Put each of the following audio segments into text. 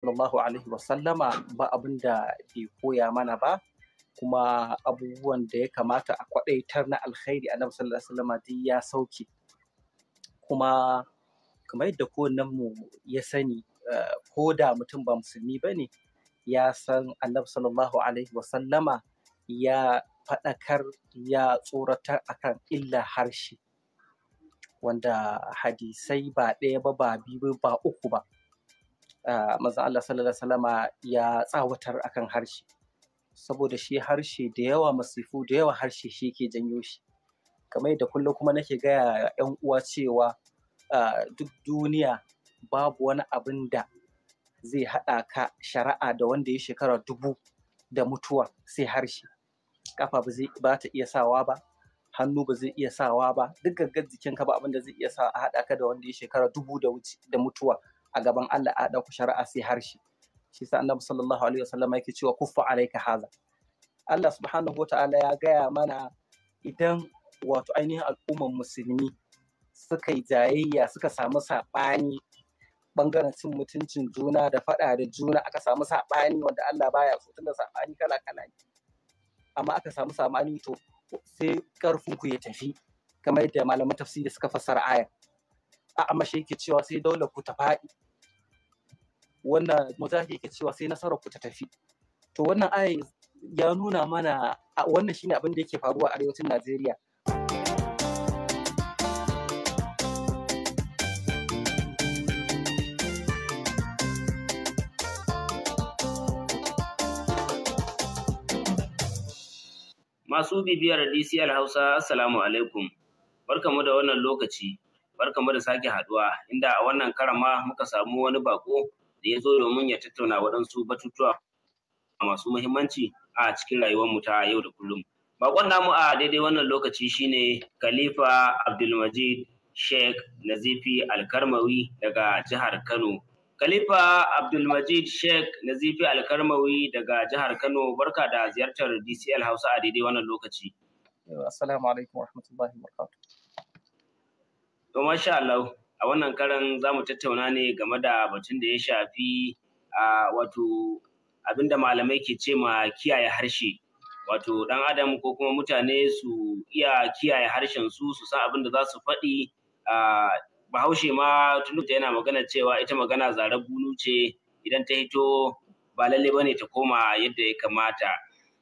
sallallahu alaihi wasallama ba abin da bai koya mana ba kuma abubuwan da ya kamata a kwadaitar na alkhairi nan sallallahu alaihi wasallama duk ya sauke kuma kamar yadda kowannen mu ya sani eh, ko da mutum ba musulmi ba ne ya san annabi sallallahu alaihi wasallama ya faɗakar ya tsoratar akan illa harshe wanda hadisai ba ɗaya ba ba biyu ba uku ba Maza Allah sallallahu alaihi ya tsawatar akan harshe saboda shi harshe da yawa masifu da yawa harshe shi ke janyo shi kamar da kullum kuma nake gaya yan uwa cewa duk duniya babu wani abin da zai haɗa ka shari'a da wanda ya shekara dubu da mutuwa sai harshe kafa ba ta iya sawa ba hannu ba zai iya sawa ba duk gaggar jikin ka ba abin da zai iya sawa a haɗa ka da wanda ya shekara dubu da mutuwa a gaban Allah a haɗa shari'a sai harshe shi sa annabi sallallahu alaihi wasallam yake cewa kuffa alayka haza Allah subhanahu wata'ala ya gaya mana idan wato ainihin al'ummar musulmi suka yi jayayya suka samu saɓani bangaren cin mutuncin juna da faɗa da juna aka samu saɓani wanda Allah baya so tunda saɓani kala kala ne amma aka samu saɓani to sai karfin ku ya tafi kamar yadda malaman tafsiri suka fassara aya a amma shi yake cewa sai dole ku ta faɗi wannan mujahid yake cewa sai nasarar ku ta tafi to wannan ayin ya nuna mana wannan shine abin da yake faruwa a arewacin Najeriya Masu bibiyar DCL Hausa, Assalamu alaikum. Barkamu da wannan lokaci, barkamu da sake haduwa, inda a wannan karama muka samu wani bako da ya zo domin ya tattauna waɗansu batutuwa masu muhimmanci a cikin rayuwarmu ta yau da kullum. Bakon namu a daidai wannan lokaci shine Khalifa Abdulmajid Sheikh Nazifi Alkarmawi daga jihar Kano. Khalifa Abdulmajid Sheikh Nazifi Alkarmawi daga jihar Kano barka da ziyartar DCL Hausa a daidai wannan lokaci. Assalamu alaikum wa wabarakatuh. To masha Allah. a wannan karan za mu tattauna ne game da batun da ya shafi a wato abinda malamai ke ce ma kiyaye harshe wato ɗan adam ko kuma mutane su iya kiyaye harshen su su san abin da za su faɗi a bahaushe ma tunuta yana magana cewa ita magana zare bunu ce idan ta hito ba lalle bane ta koma yadda ya kamata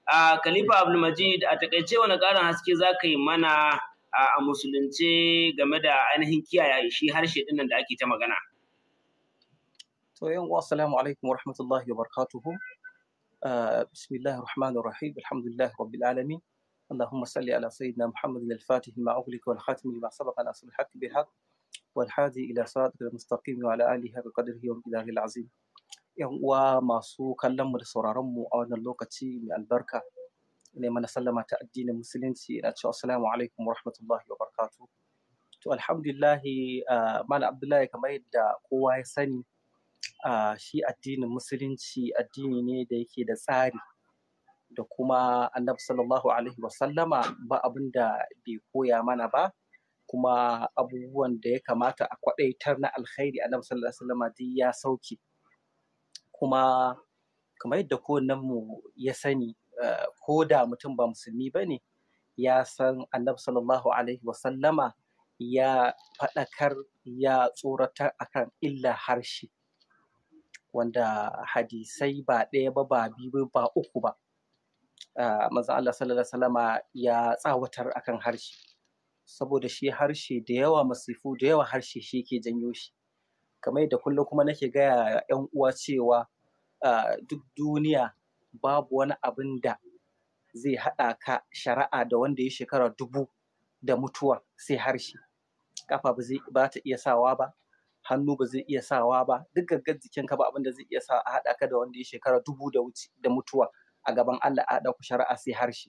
a khalifa abdulmajid a takaice wani ƙarin haske za ka yi mana a musulunce game da ainihin kiyaye shi harshe dinnan da ake ta magana. To yan uwa assalamu alaikum wa rahmatullahi wa barakatuhu. Bismillahir Rahmanir Rahim. Alhamdulillah rabbil alamin. اللهم صل على سيدنا محمد الفاتح ما أغلق والخاتم لما سبق ناصر الحق بالحق والهادي إلى صراطك المستقيم وعلى آله بقدره وبداره العظيم. yan uwa masu kallon mu da sauraron mu a wannan lokaci mai albarka ne mana sallama ta addinin musulunci ina cewa assalamu alaikum wa rahmatullahi wa barakatu to alhamdulillahi mala abdullahi kamar yadda kowa ya sani shi addinin musulunci addini ne da yake da tsari da kuma annabi sallallahu alaihi wa sallama ba abin da bai koya mana ba kuma abubuwan da ya kamata a kwadaitar na alkhairi annabi sallallahu alaihi wa sallama duk ya sauke kuma kamar yadda kowannen mu ya sani Eh, ko da mutum ba musulmi ba ne ya san annabi sallallahu alaihi wasallama ya faɗakar ya tsoratar akan illa harshe wanda hadisai ba ɗaya ba ba biyu ba uku ba eh, Maza' Allah sallallahu alaihi ya tsawatar akan harshe saboda shi harshe da yawa masifu da yawa harshe shi ke janyo shi kamar da kullum kuma nake gaya yan uwa cewa eh, duk duniya babu wani abin da zai haɗa ka shari'a da wanda ya shekara dubu da mutuwa sai harshe kafa ba zai ba ta iya sawa ba hannu ba zai iya sawa ba duk gaggar jikin ka ba abin da zai iya sa a haɗa ka da wanda ya shekara dubu da mutuwa a gaban Allah a haɗa ku shari'a sai harshe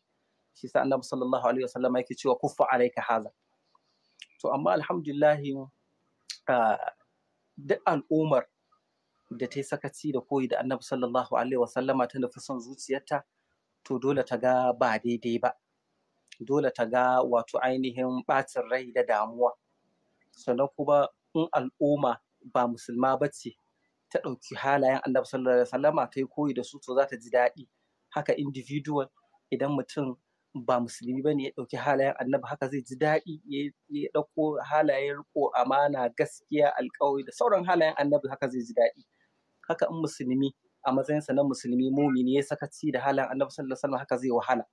shi sa annabi sallallahu alaihi wasallam yake cewa kuffa alaika haza to amma alhamdulillah ah, duk al'ummar da ta yi sakaci da koyi da annabi sallallahu alaihi wasallama ta nufi son zuciyarta to dole ta ga ba daidai ba dole ta ga wato ainihin ɓacin rai da damuwa sannan kuma in al'umma ba musulma ba ce ta ɗauki halayen annabi sallallahu alaihi wasallama ta yi koyi da su to za ta ji daɗi haka individual idan mutum ba musulmi ba ne ya ɗauki halayen annabi haka zai ji daɗi ya ɗauko halayen riƙo amana gaskiya alƙawari da sauran halayen annabi haka zai ji daɗi haka in musulmi a matsayinsa na musulmi mumini ya sakaci da halin annabi sallallahu alaihi haka zai wahala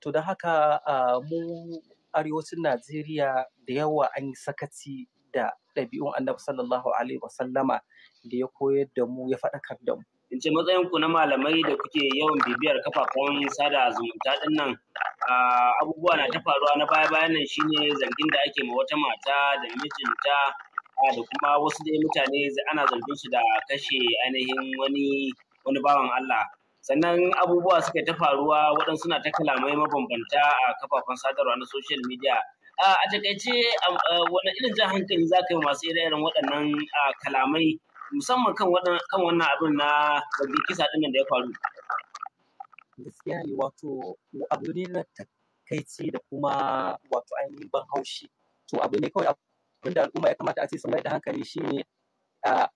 to don haka mu arewacin najeriya da yawa an yi sakaci da dabi'un annabi sallallahu alaihi wasallama da ya koyar da mu ya faɗakar da mu in ce matsayin ku na malamai da kuke yawan bibiyar kafafen sada zumunta din nan abubuwa na ta faruwa na baya bayan nan shine zargin da ake ma wata mata da mijinta da kuma wasu dai mutane ana zargin su da kashe ainihin wani wani bawan Allah sannan abubuwa suka ta faruwa waɗansu suna ta kalamai mabambanta a kafafen sadarwa na social media a takaice wani irin jan hankali za ka yi masu irin waɗannan kalamai musamman kan wannan abin na zargin kisa ɗin da ya faru gaskiya ne wato abu ne na takaici da kuma wato ainihin ban haushi to abu ne kawai inda al'umma ya kamata a ce su mai da hankali shine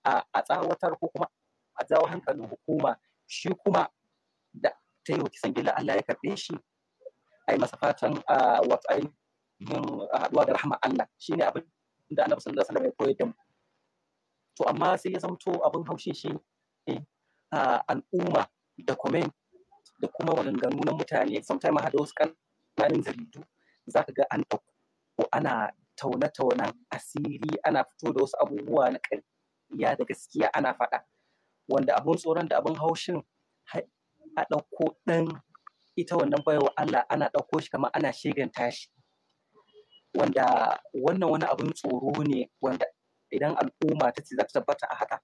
a tsawatar ko kuma a jawo hankalin hukuma shi kuma da ta yi kisan gila Allah ya karɓe shi a yi masa fatan wato ainihin haɗuwa da rahama Allah Shi ne abin da annabi sallallahu alaihi wasallam ya koyar da mu to amma sai ya zamto abin haushi shi ne al'umma da comment da kuma maganganu nunan mutane sometimes har da wasu kananan jaridu za ka ga an ɗauko ana taune-taunen asiri ana fito da wasu abubuwa na ƙarya da gaskiya ana faɗa wanda abun tsoron da abin haushin a ɗauko ɗan ita wannan baiwa Allah ana ɗauko shi kamar ana shiganta shi wanda wannan wani abin tsoro ne wanda idan al'umma ta ce za ta tabbata a haka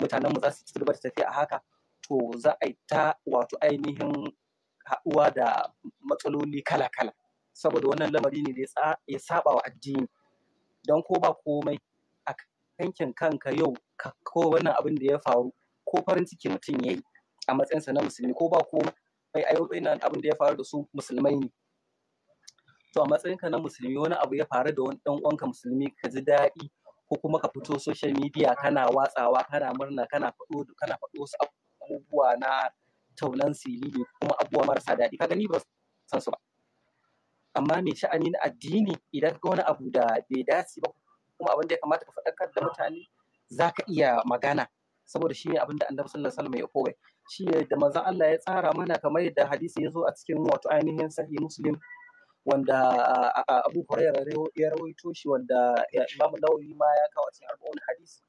mutanenmu za su tabbata tafiya a haka to za a yi ta wato ainihin haɗuwa da matsaloli kala-kala saboda wannan lamari ne da ya saba wa addini don ko ba komai a yankin kanka yau ko wannan abin da ya faru ko farin ciki mutum ya yi a matsayinsa na musulmi ko ba komai ai nan abin da ya faru da su musulmai ne to a matsayinka na musulmi wani abu ya faru da wani dan uwanka musulmi ka ji daɗi ko kuma ka fito social media kana watsawa kana murna kana faɗo kana faɗo wasu abubuwa na taunan Ko kuma abubuwa marasa daɗi ka gani ba san su ba amma mai sha'ani na addini idan ka wani abu da bai dace ba kuma abin da ya kamata ka faɗakar da mutane za ka iya magana saboda shi ne abin da annabi sallallahu alaihi wasallam ya shi ne da manzon Allah ya tsara mana kamar yadda hadisi ya zo a cikin wato ainihin sahih muslim wanda Abu Hurairah ya rawaito shi wanda Imam Nawawi ma ya kawo cikin arba'un hadisi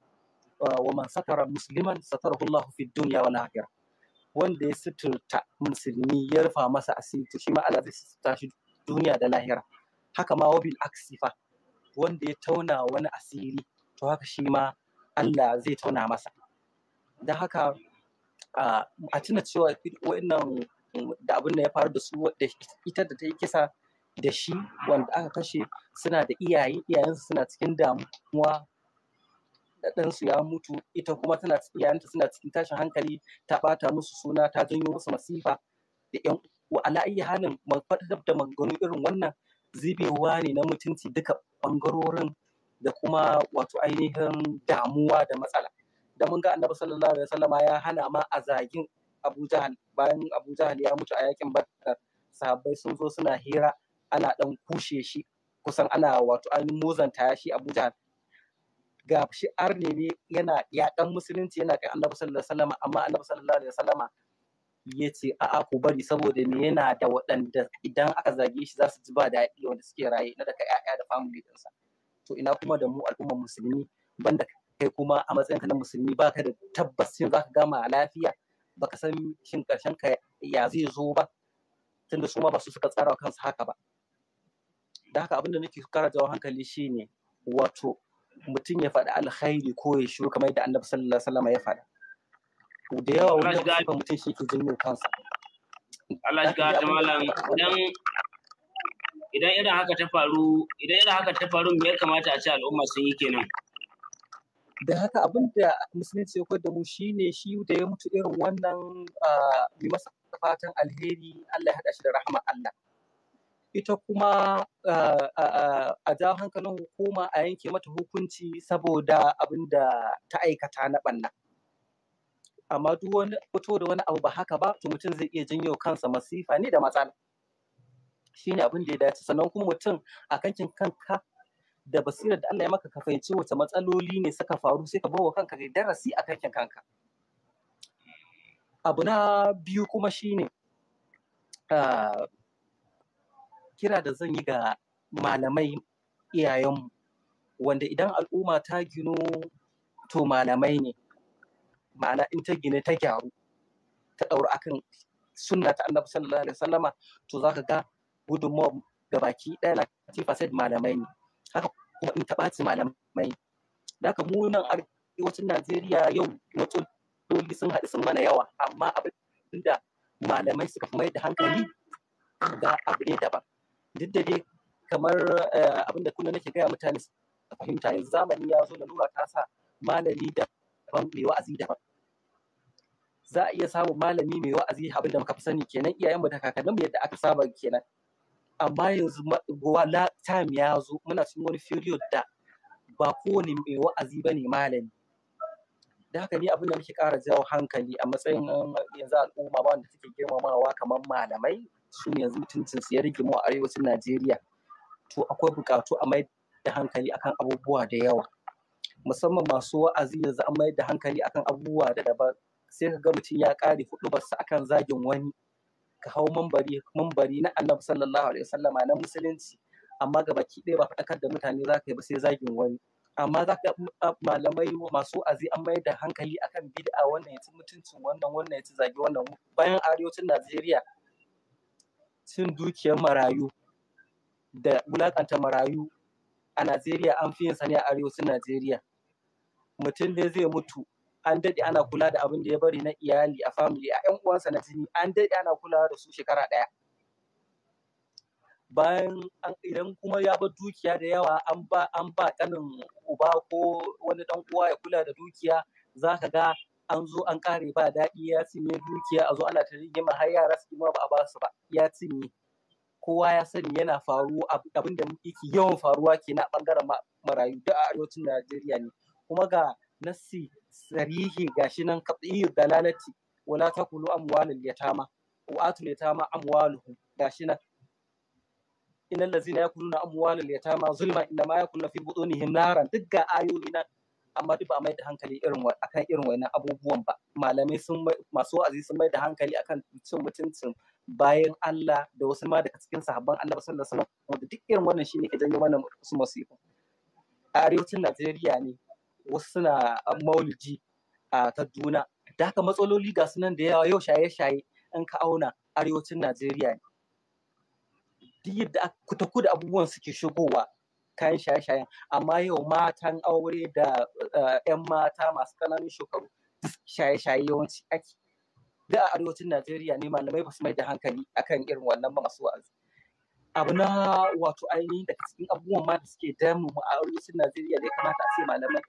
wa man satara musliman satarahu Allah fi dunya wal akhirah wanda ya suturta musulmi ya rufa masa asiri to shi ma Allah zai suturta shi duniya da lahira haka ma wabil aksifa wanda ya tauna wani asiri to haka shi ma Allah zai tauna masa don haka a tuna cewa wannan da abin da ya faru da su da ita da ta yi kisa da shi wanda aka kashe suna da iyaye iyayensu suna cikin damuwa da ɗansu ya mutu ita kuma tana iyayenta suna cikin tashin hankali ta ɓata musu suna ta janyo musu masifa da ƴan wa ala ayi halin faɗar da maganganu irin wannan zubewa ne na mutunci duka ɓangarorin da kuma wato ainihin damuwa da matsala da mun ga annabi sallallahu alaihi wasallama ya hana ma a zagin Abu Jahal bayan Abu Jahal ya mutu a yakin Badar sahabbai sun zo suna hira ana dan kushe shi kusan ana wato ainihin muzanta shi Abu Jahal ga shi arne ne yana yaƙan musulunci yana kai annabi sallallahu alaihi wasallama amma annabi sallallahu alaihi wasallama ya ce a'a ku bari saboda me yana da waɗanda idan aka zage shi za su ji ba daɗi wanda suke raye na daga ƴaƴa da family ɗinsa to ina kuma da mu al'ummar musulmi banda kai kuma a matsayin ka na musulmi baka da tabbacin zaka gama lafiya baka san shin karshen ka ya zai zo ba tunda su ma ba su suka tsara kansu haka ba da haka abinda nake kara jawo hankali shine wato mutum ya faɗi alkhairi ko ya shiru kamar yadda annabi sallallahu alaihi wasallam ya faɗa da yawa wani suka mutum shi ke janyo kansa Allah shi ga malam idan idan irin haka ta faru idan irin haka ta faru me ya kamata a ce al'umma sun yi kenan da haka abin da musulunci ya da mu shi ne shi da ya mutu irin wannan mai masa fatan alheri Allah ya haɗa shi da rahama Allah ita kuma a jawo hankalin hukuma a yanke mata hukunci saboda abin da ta aikata na ɓanna. amma duk wani fito da wani abu ba haka ba to mutum zai iya janyo kansa masifa ne da matsala shine abin da ya dace sannan kuma mutum a kankin kanka da basirar da Allah ya maka ka fahimci wace matsaloli ne suka faru sai ka bawa kanka da darasi a kankin kanka abu na biyu kuma shine ah, kira da zan yi ga malamai iyayenmu wanda idan al'umma ta gino to malamai ne ma'ana in ta gine ta gyaru ta ɗauri akan sunna ta annabi sallallahu alaihi wasallama to zaka ga ga baki. ɗaya na tifasai malamai ne haka kuma in ta ɓaci malamai da haka mu nan arewacin najeriya yau wato sun haɗu sun mana yawa amma abin da malamai suka fi mai da hankali ga abu ne daban duk da dai kamar eh, abin da kullum nake gaya mutane su fahimta yanzu zamani ya zo da lura ta sa malami da mai wa'azi daban za a iya samun malami mai wa'azi abin da muka fi sani kenan iyayenmu da kakanninmu yadda aka saba kenan amma yanzu wala time ya zo muna cikin wani period da ba kowane mai wa'azi ba ne malami da haka ni abin da muke ƙara jawo hankali a matsayin um, yanzu al'umma ba wanda suke girmamawa kamar malamai su ne yanzu mutuncin su ya rigimo a arewacin najeriya to akwai buƙatu a mai da hankali akan abubuwa da yawa musamman masu wa'azi yanzu an mai da hankali akan abubuwa da daban sai ka ga mutum ya kare huɗubarsa akan zagin wani ka hau mambari mambari na annabi sallallahu alaihi wasallama na musulunci amma ga baki ɗaya ba faɗakar da mutane za ka yi ba sai zagin wani amma za ka malamai masu wa'azi an mai da hankali akan bid'a wannan ya ci mutuncin wannan wannan ya ci zagi wannan bayan arewacin najeriya cin dukiyar marayu da wulaƙanta marayu a Najeriya an fi yin sa ne a arewacin Najeriya. mutum ne zai mutu an daɗe ana kula da abin da ya bari na iyali a family a ƴan uwansa na jini an daɗe ana kula da su shekara ɗaya bayan idan kuma ya bar dukiya da yawa an ba an ba ƙanin uba ko wani ɗan uwa ya kula da dukiya za ka ga an zo an ƙare ba daɗi ya cinye dukiya a zo ana ta rigima har yara su ma ba a ba su ba ya cinye kowa ya sani yana faruwa abin da yake yawan faruwa ke a ɓangaren marayu duk a arewacin Najeriya ne kuma ga nassi sarihi gashi nan qat'iyyu dalalati wala takulu amwalul yatama wa atul yatama amwaluhum gashi nan innal ladzina yakuluna amwalul yatama zulma inna ma yakuluna fi butunihim naran duk ga ayoyi nan amma duk ba mai da hankali irin akan irin wannan abubuwan ba malamai sun masu wa'azi sun mai da hankali akan cin mutuncin bayan Allah da wasu ma daga cikin sahabban Allah sallallahu alaihi wasallam duk irin wannan shine ke janyo mana musu masifu a arewacin Najeriya ne wasu suna maulidi a kaduna da haka matsaloli ga sunan da yawa yau shaye-shaye in ka auna arewacin najeriya ne yadda kuta da abubuwan suke shigowa kayan shaye-shayen amma yau matan aure da 'yan eh, mata masu ƙananan shekaru shaye-shaye yawanci ake da a arewacin najeriya ne malamai ba su mai da hankali akan irin wannan masu wa'azi abu na wato ainihin daga cikin abubuwan ma da suke damu mu a arewacin najeriya da ya kamata a ce malamai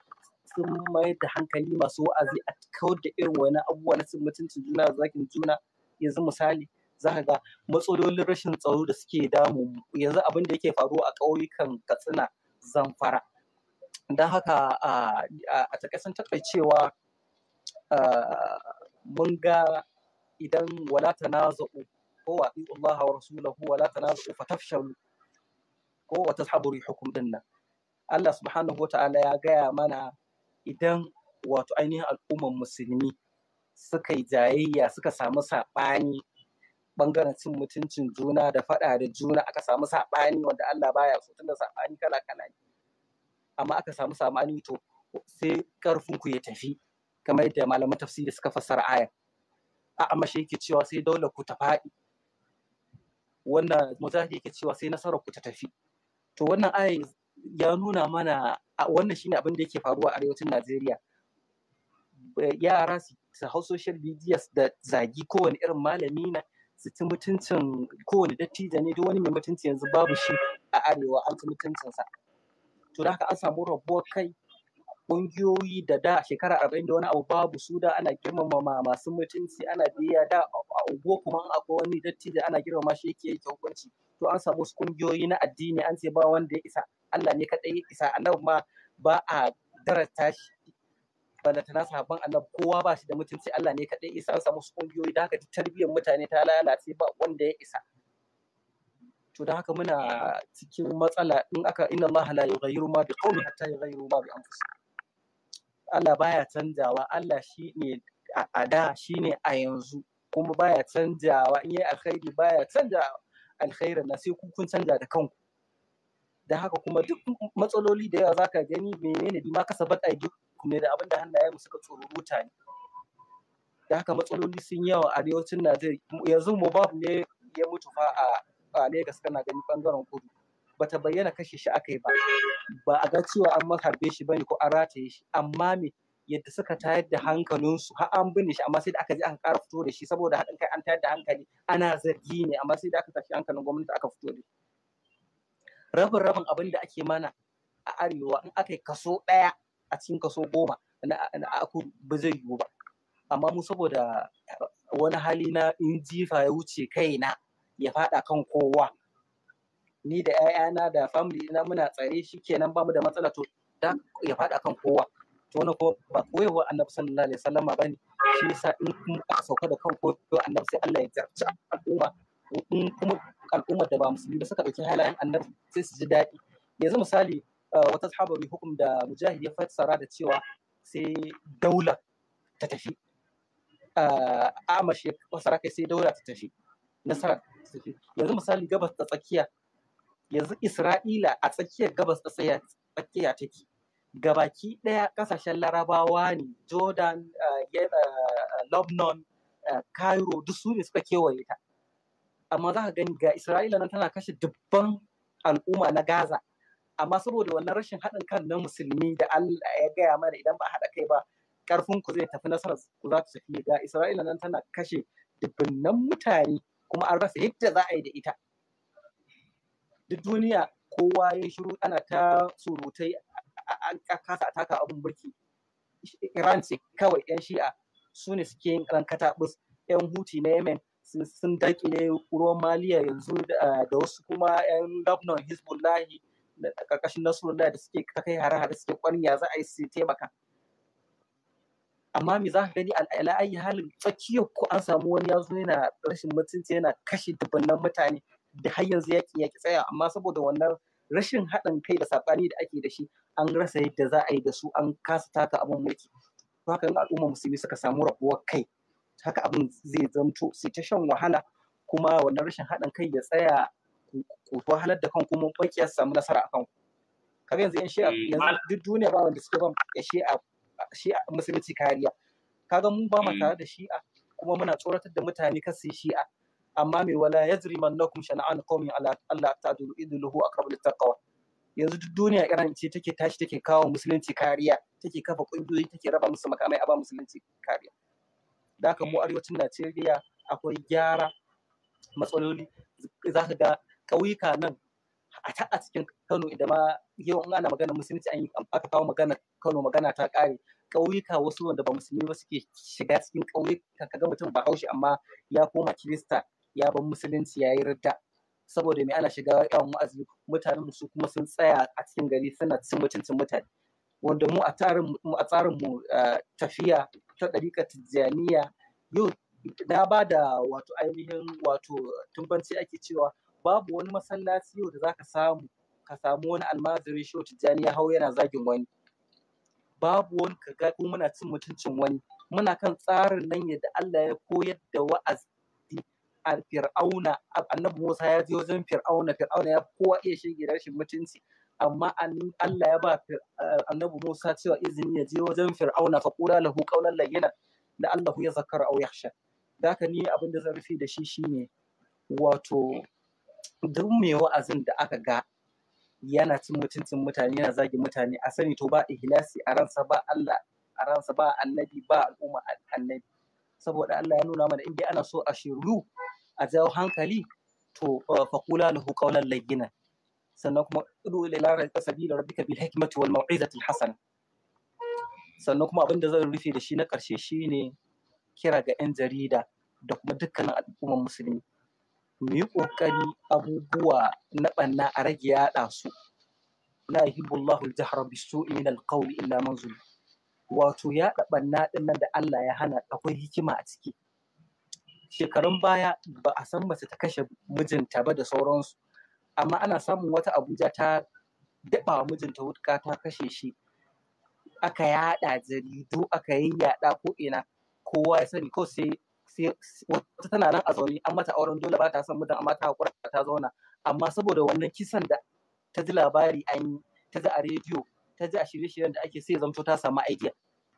sun mayar da hankali masu wa'azi a kawar da irin wani abubuwa na cin mutuncin juna da zakin juna yanzu misali za ka ga matsalolin rashin tsaro da suke damu yanzu abin da yake faruwa a ƙauyukan katsina zamfara don haka a takaisan takaicewa mun ga idan wala tanaza'u ko wa Allah wa rasulahu wala tanaza'u fatafshalu ko wa tadhhabu rihukum nan, Allah subhanahu wa ta'ala ya gaya mana idan wato ainihin al'ummar musulmi suka yi jayayya suka samu saɓani ɓangaren cin mutuncin juna da faɗa da juna aka samu saɓani wanda Allah baya so tunda saɓani kala kala ne amma aka samu saɓani to sai ƙarfin ku ya tafi kamar yadda malaman tafsiri suka fassara ayar a amma shi yake cewa sai daular ku ta faɗi wannan mujahid yake cewa sai nasarar ku ta tafi to wannan ayar ya nuna mana wannan shine abin da yake faruwa a arewacin Najeriya. Yara su hau social media da zagi kowane irin malami na su ci mutuncin kowane dattijo ne duk wani mai mutunci yanzu babu shi a arewa an ci mutuncinsa. To da haka an samu rabuwar kai ƙungiyoyi da da shekara arba'in da wani abu babu su da ana girmama masu mutunci ana biya da a unguwa kuma akwai wani dattijo ana girmama shi yake yake hukunci to an samu wasu ƙungiyoyi na addini an ce ba wanda ya isa Allah ne kadai isa nan ma ba a darata shi ta nasa sahabban Allah kowa ba shi da mutunci Allah ne kadai isa an samu ƙungiyoyi. da haka tarbiyyar mutane ta lalace ba wanda ya isa to da haka muna cikin matsala in aka inna Allah la yughayyiru ma biqawmin hatta yughayyiru ma bi anfusihim Allah baya canjawa Allah shi ne a da shi ne a yanzu kuma baya canjawa in yi alkhairi baya canja alkhairin na sai kun canja da kanku da haka kuma duk matsaloli da yawa za ka gani menene bi ma kasabat aidikum ne da abin da mu suka tsoro ne da haka matsaloli sun yawa a arewacin Najeriya yanzu Mubab ne ya mutu fa a Lagos kana gani bangaren kudu Ba ta bayyana kashe shi aka yi ba ba a ga cewa an harbe shi bane ko an rataye shi amma me yadda suka tayar da hankalinsu har an binne shi amma sai da aka je aka kara fito da shi saboda haɗin kai an tayar da hankali ana zargi ne amma sai da aka tashi hankalin gwamnati aka fito da shi rabin rabin abin da ake mana a arewa in aka yi kaso ɗaya a cikin kaso goma na aku ba zai yiwu ba amma mu saboda wani hali na in jifa ya wuce kaina ya faɗa kan kowa ni da 'ya'yana da family na muna tsare shi kenan mu da matsala to da ya faɗa kan kowa to wani ko ba koyewa annabi sallallahu alaihi ba ne shi yasa in ka sauka da kan koyo annabi sai Allah ya jarci al'umma in kuma al'ummar da ba musulmi ba suka ɗauki halayen annabi sai su ji daɗi yanzu misali wata sahabar hukum da mujahid ya fassara da cewa sai daula ta tafi amash ya fassara kai sai daula ta tafi nasara ta tafi yanzu misali gabas ta tsakiya yanzu isra'ila a tsakiyar gabas ta tsakiya take gabaki ɗaya ƙasashen larabawa ne jordan lebanon cairo duk su ne suka kewaye ta amma za ka gani ga isra'ila nan tana kashe dubban al'umma na gaza amma saboda wannan rashin haɗin kan na musulmi da allah ya gaya mana idan ba haɗa kai ba ƙarfin ku zai tafi nasarar ku za ta tafi ga isra'ila nan tana kashe dubbinan mutane kuma an rasa yadda za a yi da ita duk duniya kowa ya shiru ana ta surutai an kasa taka abun burki iran ce kawai yan shi'a su ne suke yin rankata bus yan huti na yemen sun dakile ruwan maliya yanzu da wasu kuma 'yan gwamnan Hezbollah da ƙarƙashin nasarullah da suke kai hare-hare suke kwanya za a yi su taimaka amma me za ka gani ala ayi halin tsakiyar ko an samu wani ya yana rashin mutunci yana kashe dubannan mutane da har yanzu yaki yaƙi tsaya amma saboda wannan rashin haɗin kai da saɓani da ake da shi an rasa yadda za a yi da su an kasa taka abin mulki to haka al'ummar musulmi suka samu rabuwar kai haka abin zai zamto sai ta shan wahala kuma wannan rashin haɗin kai ya tsaya ku wahalar da kan kuma ya samu nasara a kanku kaga yanzu yan shi'a eh, yanzu duk duniya ba wanda suke ba shi'a shi'a musulunci kariya kaga mu ba mu mm. tare da shi'a kuma muna tsoratar da mutane kan su shi'a amma mai wala yajri mannakum shana'an qaumin ala Allah ta'dulu idluhu aqrabu littaqwa yanzu duk duniya iran ce take tashi take kawo musulunci kariya take kafa ƙungiyoyi take raba musu makamai a ba musulunci kariya da aka mu arewacin najeriya akwai gyara matsaloli za ka ga ƙauyuka nan a cikin kano idan ma yau in ana magana musulunci an aka kawo magana kano magana ta ƙare ƙauyuka wasu wanda ba musulmi ba suke shiga cikin ƙauyuka ga mutum ba haushi amma ya koma kirista ya bar musulunci ya yi ridda saboda me ana shiga yawan wa'azi mutanen su kuma sun tsaya a cikin gari suna cin mutuncin mutane wanda mu a tsarin mu eh, tafiya ta ɗariƙa tijjaniya yau na ba da wato ainihin wato tumbanci ake cewa babu wani masallaci yau da za ka samu ka samu wani almajiri shi tijjani ya hau yana zagin wani babu wani ka ga muna cin mutuncin wani muna kan tsarin nan yadda Allah ya koyar da wa'azi a fir'auna annabi Musa ya je wajen fir'auna fir'auna ya kowa iya shege rashin mutunci amma Allah ya ba eh, annabi Musa cewa izini ya je wajen Fir'auna fa qula lahu qawlan layyina da Allah ya zakar aw yakhsha daka ni abin da zan rufe da shi shine wato duk mai wa'azin da aka ga yana cin mutuncin mutane yana zagi mutane a sani to ba ihlasi a ransa ba Allah a ransa ba annabi ba al'umma annabi saboda Allah ya nuna mana in ana so a shiru a jawo hankali to kula lahu qawlan layyina sannan kuma udu ila sabila rabbika bil hikmati wal mau'izati hasana sannan kuma abinda zan rufe da shi na karshe shine kira ga 'yan jarida da kuma dukkanin al'ummar musulmi mu yi kokari abubuwa na banna a rage yaɗa su la yuhibbullahu al-jahra bis-su'i min al-qawli illa man zulim wato yaɗa ɓanna ɗin nan da Allah ya hana akwai hikima a ciki shekarun baya ba a san mace ta kashe mijinta ba da sauransu amma ana samun wata abuja ta daɓa wa mijinta wutka ta kashe shi aka yaɗa jaridu aka yayyaɗa ko ina kowa ya sani ko sai wata tana nan a zaune an mata auren dole ba ta son mutum amma ta hakura ta zauna amma saboda wannan kisan da ta ji labari an yi ta ji a rediyo ta ji a shirye-shiryen da ake sai zamto ta samu idea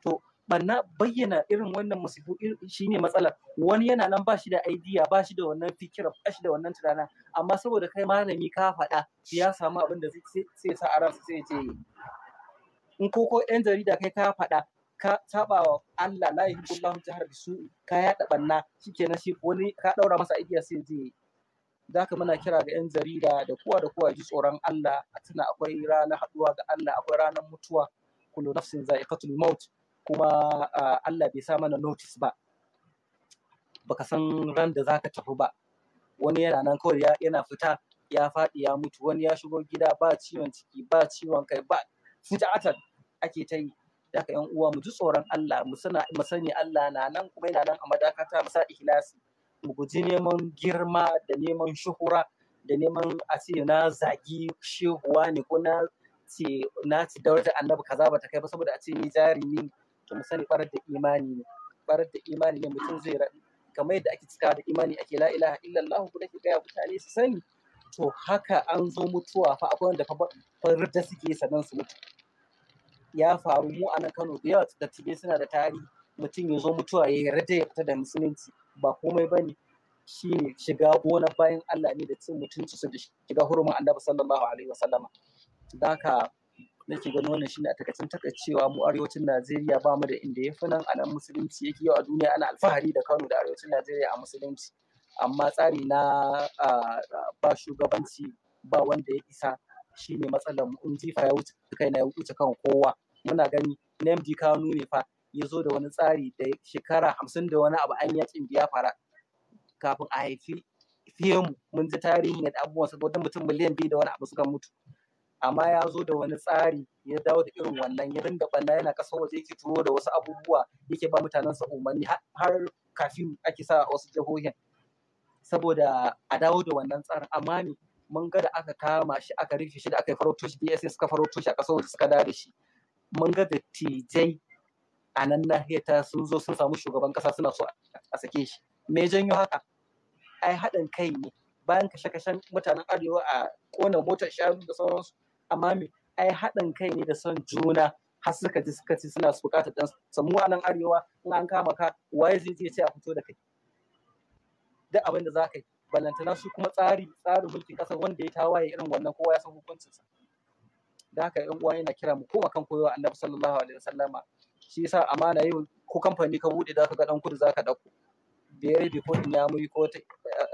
to banna bayyana irin wannan musifu ne matsalar wani yana nan ba shi da idea ba shi da wannan fikira ba shi da wannan tunana amma saboda kai malami ka faɗa ya samu abin da sai sa a ransa sai ce in ko ko yan jarida kai ka faɗa ka saba wa Allah la illallah jahar su ka da banna shikenan shi wani ka ɗaura masa igiya sai je zaka muna kira ga 'yan jarida da kowa da kowa ji tsoron Allah a akwai ranar haduwa ga Allah akwai ranar mutuwa kullu nafsin za'iqatul maut kuma Allah bai sa mana notice ba baka san ran da zaka tafi ba wani yana nan kawai yana fita ya faɗi ya mutu wani ya shigo gida ba ciwon ciki ba ciwon kai ba fita'atan ake ta yi daga yan uwa mu ji tsoron Allah mu sani Allah na nan kuma yana nan a madakata mu sa ihlasi mu guji neman girma da neman shuhura da neman a ce na zagi shehuwa ne ko na ce na ci darajar annabi kaza ba ta kai ba saboda a ce ni jarumi to mu sani barar da imani ne farar da imani ne mutum zai kamar yadda ake cikawa da imani ake la ilaha illallah ku dake gaya mutane su sani to haka an zo mutuwa fa akwai wanda da suke sanan su mutu ya faru mu a nan Kano da yawa da tibe suna da tari. mutum ya zo mutuwa ya yarda ya fita da musulunci ba komai bane ne shiga gona bayan Allah ne da cin mutunci su da shiga hurumin Annabi sallallahu alaihi wasallama daka nake ganin wannan shine a takaicin takaicewa mu arewacin Najeriya ba mu da inda ya fi nan a nan musulunci yake yau a duniya ana alfahari da Kano da arewacin Najeriya a musulunci amma tsari na ba shugabanci ba wanda ya isa shine matsalar mu in jifa ya wuce kai na ya wuce kan kowa muna gani Nnamdi Kano ne fa ya zo da wani tsari da shekara hamsin da wani abu an yakin biyafara kafin a haifi fiye mu mun ji tarihin yadda abubuwan saboda mutum miliyan biyu da wani abu suka mutu amma ya zo da wani tsari ya dawo da irin wannan ya dinga ɓanna, yana kasa waje yake turo da wasu abubuwa yake ba mutanensa umarni har kafin ake sa wasu jihohin saboda a dawo da wannan tsarin amma ne mun ga da aka kama shi aka rufe shi da aka faro shi DSS suka faro shi a kasa waje suka dawo da shi mun ga da tijai a nan nahiyar ta sun zo sun samu shugaban kasa suna so a sake shi me janyo haka ai haɗin kai ne bayan kashe-kashen mutanen arewa a kona motar shanu da sauransu amma me ai haɗin kai ne da son juna har suka ji suka ci suna buƙatar ɗan samu a nan arewa in an kama ka waye zai je ce a fito da kai duk abin da za ka yi ballantana su kuma tsari tsarin mulkin ƙasar wanda ya tawaye irin wannan kowa ya san hukuncinsa da haka irin uwa yana kira mu koma kan koyo annabi sallallahu alaihi wasallama shi yasa amana yau ko kamfani ka bude zaka ga dan kudu zaka dauko da ya rabe ko in ya muri ko ta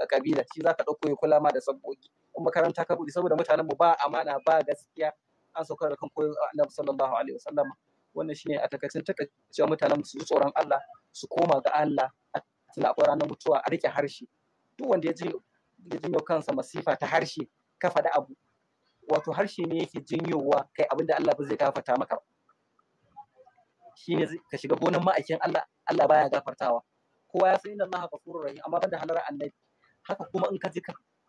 kabila shi zaka dauko ya kula ma da sabbogi makaranta ka buɗe saboda mutanen mu ba amana ba gaskiya an saukar da kan koyo annabi sallallahu alaihi wasallam wannan shine a takaicin takaicewa mutanen mu su ji tsoron Allah su koma ga Allah a tuna akwai ranar mutuwa a rike harshe duk wanda ya ji ya jinyo kansa masifa ta harshe ka faɗi abu wato harshe ne yake jinyowa kai abinda Allah ba zai gafarta maka shine ka shiga gonan ma'aikin Allah Allah baya gafartawa kowa ya san inna Allah ghafurur rahim amma banda halar annabi haka kuma in ka ji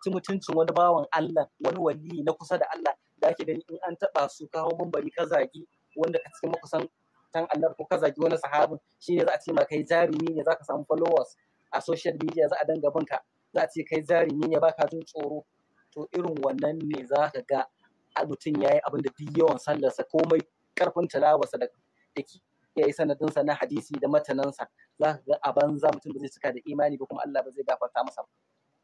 ci mutuncin wani bawan Allah wani wali na kusa da Allah da ake gani in an taɓa su kawo mambari ka zagi wanda ka cikin makusan tan Allah ko ka zagi wani sahabin shi ne za a ce ma kai jarumi ne za ka samu followers a social media za a danga ka za a ce kai jarumi ne baka jin tsoro to irin wannan ne za ka ga a mutum ya yi abin da duk yawan sallarsa komai karfin tilawarsa da take ya yi sanadinsa na hadisi da matanansa za ka ga a banza mutum ba zai cika da imani ba kuma Allah ba zai gafarta masa ba.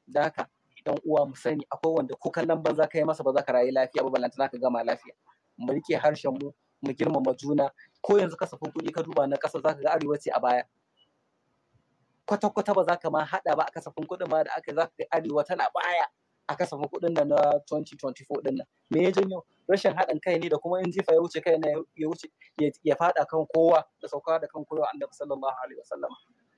Da haka dan uwa mu sani akwai wanda ko kallon ka kai masa ba za ka rayu lafiya ba za ka gama lafiya mu rike harshen mu mu girmama juna ko yanzu kasafin kuɗi ka duba na ƙasa za ka ga arewa ce a baya kwata-kwata ba za ka ma haɗa ba a kasafin kuɗin ma da aka za ka ga arewa tana baya a kasafin kuɗin da na 2024 ɗin nan me ya janyo rashin haɗin kai ne da kuma in jifa ya wuce kai na ya wuce ya faɗa kan kowa da sauka da kan kowa annabi sallallahu alaihi wasallam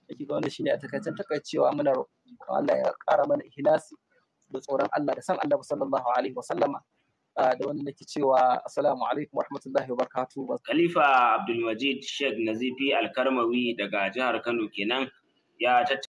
yake ga wannan shine a takaicen takaicewa muna roƙon Allah ya ƙara mana ihlasi da tsoron Allah da san Allah sallallahu alaihi wasallama ah, da wanda nake cewa assalamu alaikum warahmatullahi wabarakatuh Khalifa Abdulmajid Sheikh Nazifi Alkarmawi daga jihar Kano kenan ya